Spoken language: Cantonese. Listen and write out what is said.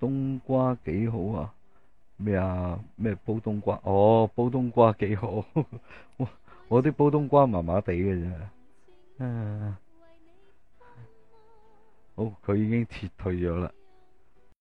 冬瓜幾好啊？咩啊？咩煲冬瓜？哦，煲冬瓜幾好。 我啲煲冬瓜麻麻地嘅咋！嗯、啊，好，佢已經撤退咗啦。